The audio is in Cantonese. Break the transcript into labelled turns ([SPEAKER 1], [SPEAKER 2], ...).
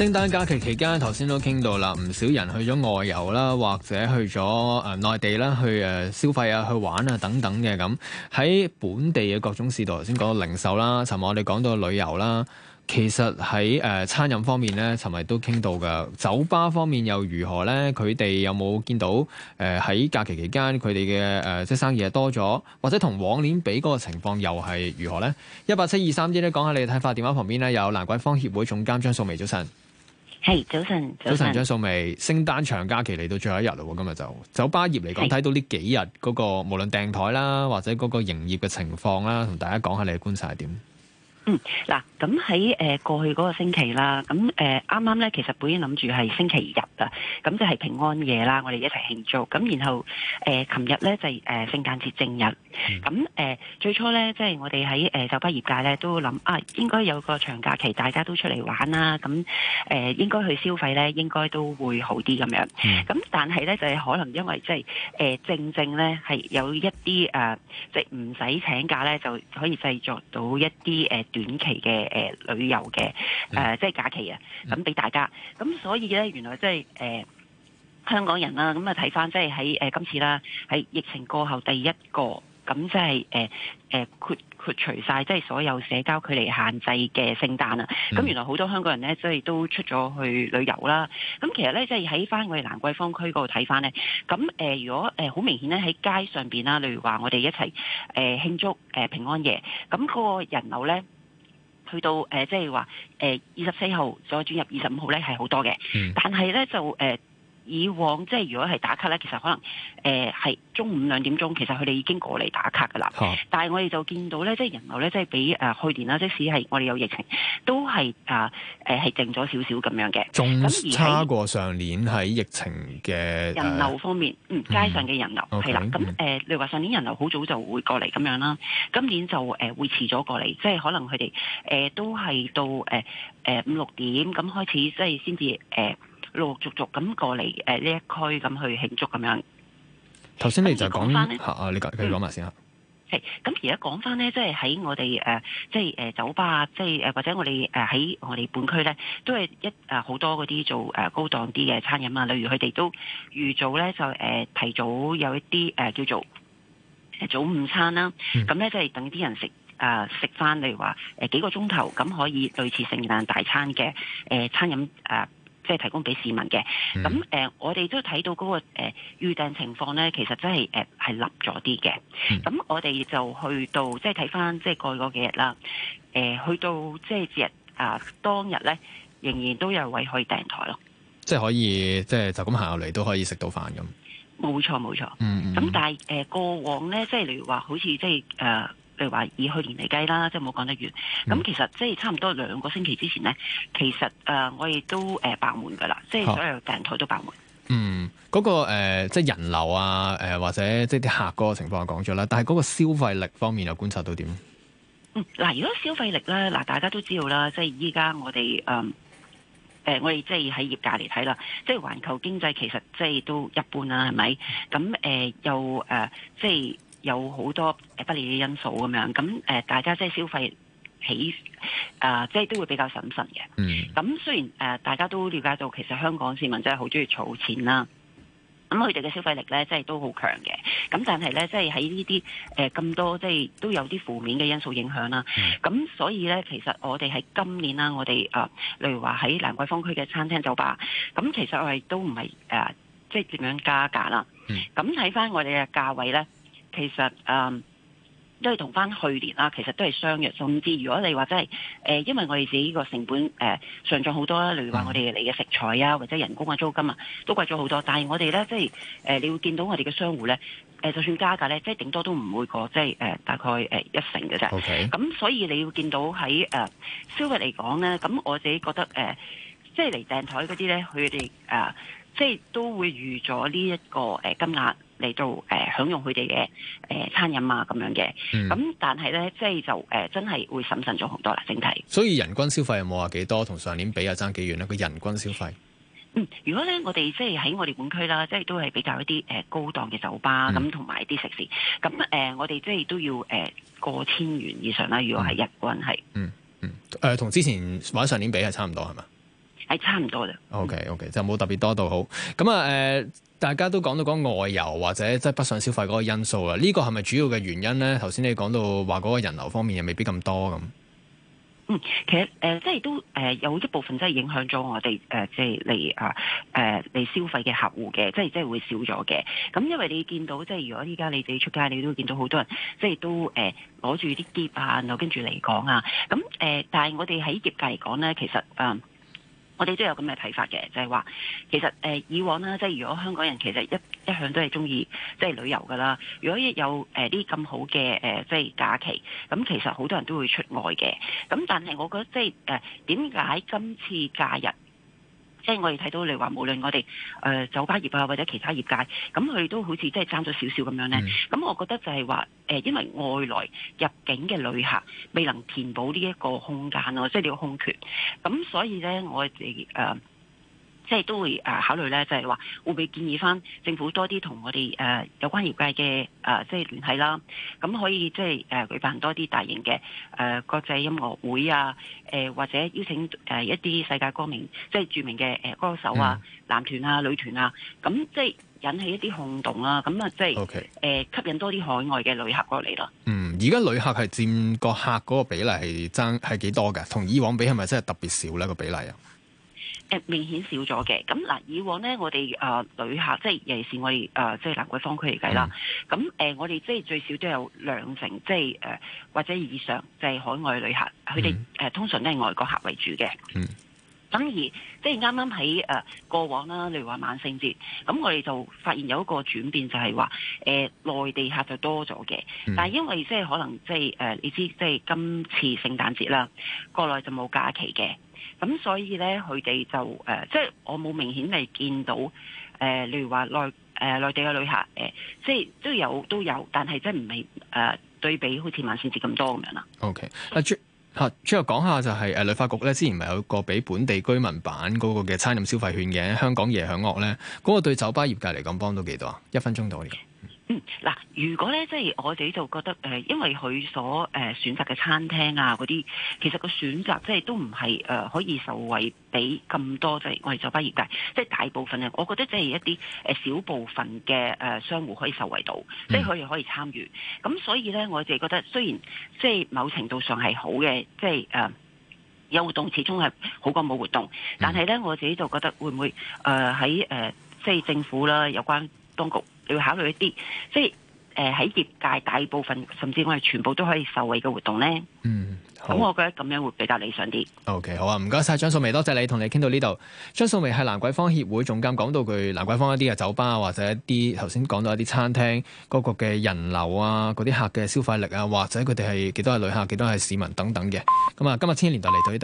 [SPEAKER 1] 聖誕假期期間，頭先都傾到啦，唔少人去咗外遊啦，或者去咗誒內地啦，去誒消費啊，去玩啊等等嘅，咁喺本地嘅各種市道。頭先講到零售啦，尋日我哋講到旅遊啦，其實喺誒餐飲方面咧，尋日都傾到嘅酒吧方面又如何咧？佢哋有冇見到誒喺假期期間佢哋嘅誒即生意又多咗，或者同往年比嗰個情況又係如何咧？18723一八七二三 D 咧講下你嘅睇法。電話旁邊咧有蘭桂坊協會總監張素媚，早晨。係，早晨，早晨，張素媚，聖誕長假期嚟到最後一日咯，今日就酒吧業嚟講，睇到呢幾日嗰個無論訂台啦，或者嗰個營業嘅情況啦，同大家講下你嘅觀察係點。
[SPEAKER 2] 嗱、嗯，咁喺誒過去嗰個星期啦，咁誒啱啱咧，其實本應諗住係星期日啊，咁就係平安夜啦，我哋一齊慶祝。咁然後誒，琴日咧就係聖誕節正日。咁誒、呃、最初咧，即、就、係、是、我哋喺誒酒吧業界咧都諗啊，應該有個長假期，大家都出嚟玩啦。咁誒、呃、應該去消費咧，應該都會好啲咁樣。咁、嗯、但係咧就係、是、可能因為即係誒正正咧係有一啲誒即係唔使請假咧就可以製作到一啲誒。呃短期嘅誒旅遊嘅誒，即係假期啊，咁俾大家。咁所以咧，原來即係誒香港人啦，咁啊睇翻即係喺誒今次啦，喺疫情過後第一個咁即係誒誒豁豁除晒，即係所有社交距離限制嘅聖誕啊！咁、嗯、原來好多香港人咧，即係都出咗去旅遊啦。咁其實咧，即係喺翻我哋蘭桂坊區嗰度睇翻咧，咁誒如果誒好明顯咧，喺街上邊啦，例如話我哋一齊誒慶祝誒平安夜，咁、那、嗰個人流咧～去到誒，即係話誒，二十四號再轉入二十五號咧，係好多嘅，嗯，但係咧就誒。呃以往即係如果係打卡咧，其實可能誒係、呃、中午兩點鐘，其實佢哋已經
[SPEAKER 1] 過嚟打卡噶啦、啊。
[SPEAKER 2] 但係我哋就見到咧，即係人流咧，即係比誒去年啦，即使係我哋有疫情，都係誒誒係靜咗少少咁樣嘅，仲、啊呃、差
[SPEAKER 1] 過上年喺疫情嘅人流
[SPEAKER 2] 方面，嗯，嗯街上嘅人流係、okay，啦。咁誒，你話上年人流好早就會過嚟咁樣啦、嗯，今年就誒會遲咗過嚟，即係可能佢哋誒都係到誒誒、呃呃、五六點咁開始，即係先至誒。呃陸陸續續咁過嚟誒呢一區咁去慶祝咁樣。
[SPEAKER 1] 頭先你就講翻啊，你講埋先嚇。
[SPEAKER 2] 係咁而家講翻咧，即係喺我哋誒、呃，即係誒酒吧，即係誒或者我哋誒喺我哋本區咧，都係一誒好、呃、多嗰啲做誒、呃、高檔啲嘅餐飲啊。例如佢哋都預早咧就誒、呃、提早有一啲誒、呃、叫做誒早午餐啦、啊。咁咧即係等啲人食啊食翻，例如話誒、呃、幾個鐘頭咁可以類似聖誕大餐嘅誒、呃、餐飲誒。呃即係提供俾市民嘅，咁、嗯、誒、呃，我哋都睇到嗰、那個誒、呃、預訂情況咧，其實真係誒係立咗啲嘅。咁、呃嗯、我哋就去到即係睇翻即係過去幾日啦。誒、呃，去到即係節日啊當日咧，仍然都有位可以訂台咯。
[SPEAKER 1] 即係可以，即係就咁行入嚟都可以食到飯咁。
[SPEAKER 2] 冇錯冇錯。嗯咁、嗯嗯、但係誒、呃、過往咧，即係例如話好似即係誒。呃譬如話以去年嚟計啦，即係冇講得完。咁、嗯、其實即係差唔多兩個星期之前咧，其實誒、呃、我哋都誒爆、呃、門噶啦，即、啊、係所有訂台都爆
[SPEAKER 1] 門。嗯，嗰、那個、呃、即係人流啊，誒、呃、或者即係啲客嗰個情況我講咗啦。但係嗰個消費力方面又觀察到點？
[SPEAKER 2] 嗯，嗱、呃，如果消費力咧，嗱、呃、大家都知道啦，即係依家我哋誒誒我哋即係喺業界嚟睇啦，即係環球經濟其實即係都一般啦，係咪？咁誒又誒即係。有好多嘅不利嘅因素咁樣，咁誒、呃、大家即係消費起啊，即、呃、係、就是、都會比較謹慎嘅。咁、嗯、雖然誒、呃、大家都了解到，其實香港市民真係好中意儲錢啦，咁佢哋嘅消費力咧，即、就、係、是、都好強嘅。咁但係咧，即係喺呢啲誒咁多，即、就、係、是、都有啲負面嘅因素影響啦。咁、嗯、所以咧，其實我哋喺今年啦，我哋啊、呃，例如話喺蘭桂坊區嘅餐廳酒吧，咁其實我哋都唔係誒，即係點樣加價啦？咁睇翻我哋嘅價位咧。其實誒、嗯，都係同翻去年啦，其實都係相若。甚至如果你話真係誒，因為我哋自己個成本誒、呃、上漲好多啦，例如話我哋嚟嘅食材啊，或者人工呀、啊、租金啊，都貴咗好多。但係我哋咧，即係誒、呃，你會見到我哋嘅商戶咧，誒、呃，就算加價咧，即係頂多都唔會過，即係誒、呃，大概誒一成嘅啫。咁、okay. 嗯、所以你會見到喺誒消費嚟講咧，咁、呃嗯、我自己覺得誒、呃，即係嚟訂檯嗰啲咧，佢哋誒，即係都會預咗呢一個誒金額。嚟到誒、呃、享用佢哋嘅誒餐飲啊咁樣嘅，咁、嗯、但係咧，即係就誒、呃、真係會審慎咗好多啦，整體。
[SPEAKER 1] 所以人均消費有冇話幾多少？同上年比又爭幾遠咧？佢人均消費。嗯，
[SPEAKER 2] 如果咧我哋即係喺我哋本區啦，即係都係比較一啲誒高檔嘅酒吧咁，同埋啲食肆，咁誒、呃、我哋即係都要誒、呃、過千元以上啦。如果係日均係，嗯嗯
[SPEAKER 1] 同、呃、之前或者上年比係差唔多係嘛？係差唔多啦。OK，OK，okay, okay, 就冇特別多到好咁啊。誒、呃，大家都講到講外遊或者即係北上消費嗰個因素啊。呢個係咪主要嘅原因咧？頭先你講到話嗰個人流方面又未必咁多咁。嗯，其實
[SPEAKER 2] 誒、呃，即係都誒、呃、有一部分真係影響咗我哋誒、呃，即係嚟啊誒嚟消費嘅客戶嘅，即係即係會少咗嘅。咁因為你見到即係如果依家你哋出街，你都會見到好多人即係都誒攞住啲碟啊，然後跟住嚟講啊。咁誒，但係我哋喺業界嚟講咧，其實啊。呃我哋都有咁嘅睇法嘅，就係話其實誒以往啦，即係如果香港人其實一一向都係中意即係旅遊噶啦。如果有誒啲咁好嘅誒即係假期，咁其實好多人都會出外嘅。咁但係我覺得即係誒點解今次假日？即、就、係、是、我哋睇到你話，無論我哋誒酒吧業啊，或者其他業界，咁佢都好似即係爭咗少少咁樣咧。咁、mm. 我覺得就係話，誒、呃，因為外來入境嘅旅客未能填補呢一個空間啊，即係呢個空缺。咁所以咧，我哋誒。呃即係都會誒考慮咧，就係話會唔會建議返政府多啲同我哋誒有關業界嘅誒即係聯繫啦。咁可以即係誒舉辦多啲大型嘅誒國際音樂會啊。誒或者邀請誒一啲世界歌名即係著名嘅誒歌手啊、嗯、男團啊、女團啊。咁即係引起一啲轟動啦。咁啊即係誒吸引多啲海外嘅旅客過嚟咯。
[SPEAKER 1] 嗯，而家旅客係佔個客嗰個比例係爭係幾多㗎？同以往比係咪真係特別少咧個比例啊？
[SPEAKER 2] 誒，明顯少咗嘅。咁嗱，以往咧，我哋誒、呃、旅客，即係尤其是我哋誒、呃，即係蘭桂坊區嚟計啦。咁、嗯、誒、呃，我哋即係最少都有兩成，即係誒、呃、或者以上，即、就、係、是、海外旅客，佢哋誒通常都係外國客為主嘅。嗯。咁而即係啱啱喺誒過往啦，例如話萬聖節，咁我哋就發現有一個轉變，就係話誒內地客就多咗嘅、嗯。但係因為即係可能即係誒、呃，你知即係今次聖誕節啦，國內就冇假期嘅。咁所以咧，佢哋就誒、呃，即係我冇明顯地見到誒、呃，例如話內誒內、呃、地嘅旅客誒，即係都有都有，但係即係唔係誒對比好似萬聖節咁多咁樣啦。
[SPEAKER 1] O、okay, K，啊，最最後講下就係誒旅發局咧，之前唔係有個俾本地居民版嗰個嘅餐飲消費券嘅香港夜享樂咧，嗰、嗰個對酒吧業界嚟講幫到幾多啊？一分鐘到嚟。嗯
[SPEAKER 2] 嗱、嗯，如果咧，即係我哋就覺得，誒，因為佢所誒選擇嘅餐廳啊，嗰啲，其實個選擇即係都唔係誒可以受惠俾咁多，即係我哋做畢業屆，即係大部分咧，我覺得即係一啲誒小部分嘅誒商戶可以受惠到，即係佢哋可以參與。咁所以咧，我哋覺得雖然即係某程度上係好嘅，即係誒有活動，始終係好過冇活動。但係咧，我自己就覺得會唔會誒喺誒即係政府啦，有關當局。要考慮一啲，即係誒喺業界大部分，甚至我哋全部都可以受惠嘅活動咧。嗯，咁我覺得咁樣會比較理想啲。
[SPEAKER 1] O、okay, K，好啊，唔該晒張素媚，多謝，謝你同你傾到呢度。張素媚係蘭桂坊協會總監，講到佢蘭桂坊一啲嘅酒吧啊，或者一啲頭先講到一啲餐廳，嗰、那個嘅人流啊，嗰啲客嘅消費力啊，或者佢哋係幾多係旅客，幾多係市民等等嘅。咁啊，今日千禧年代嚟到。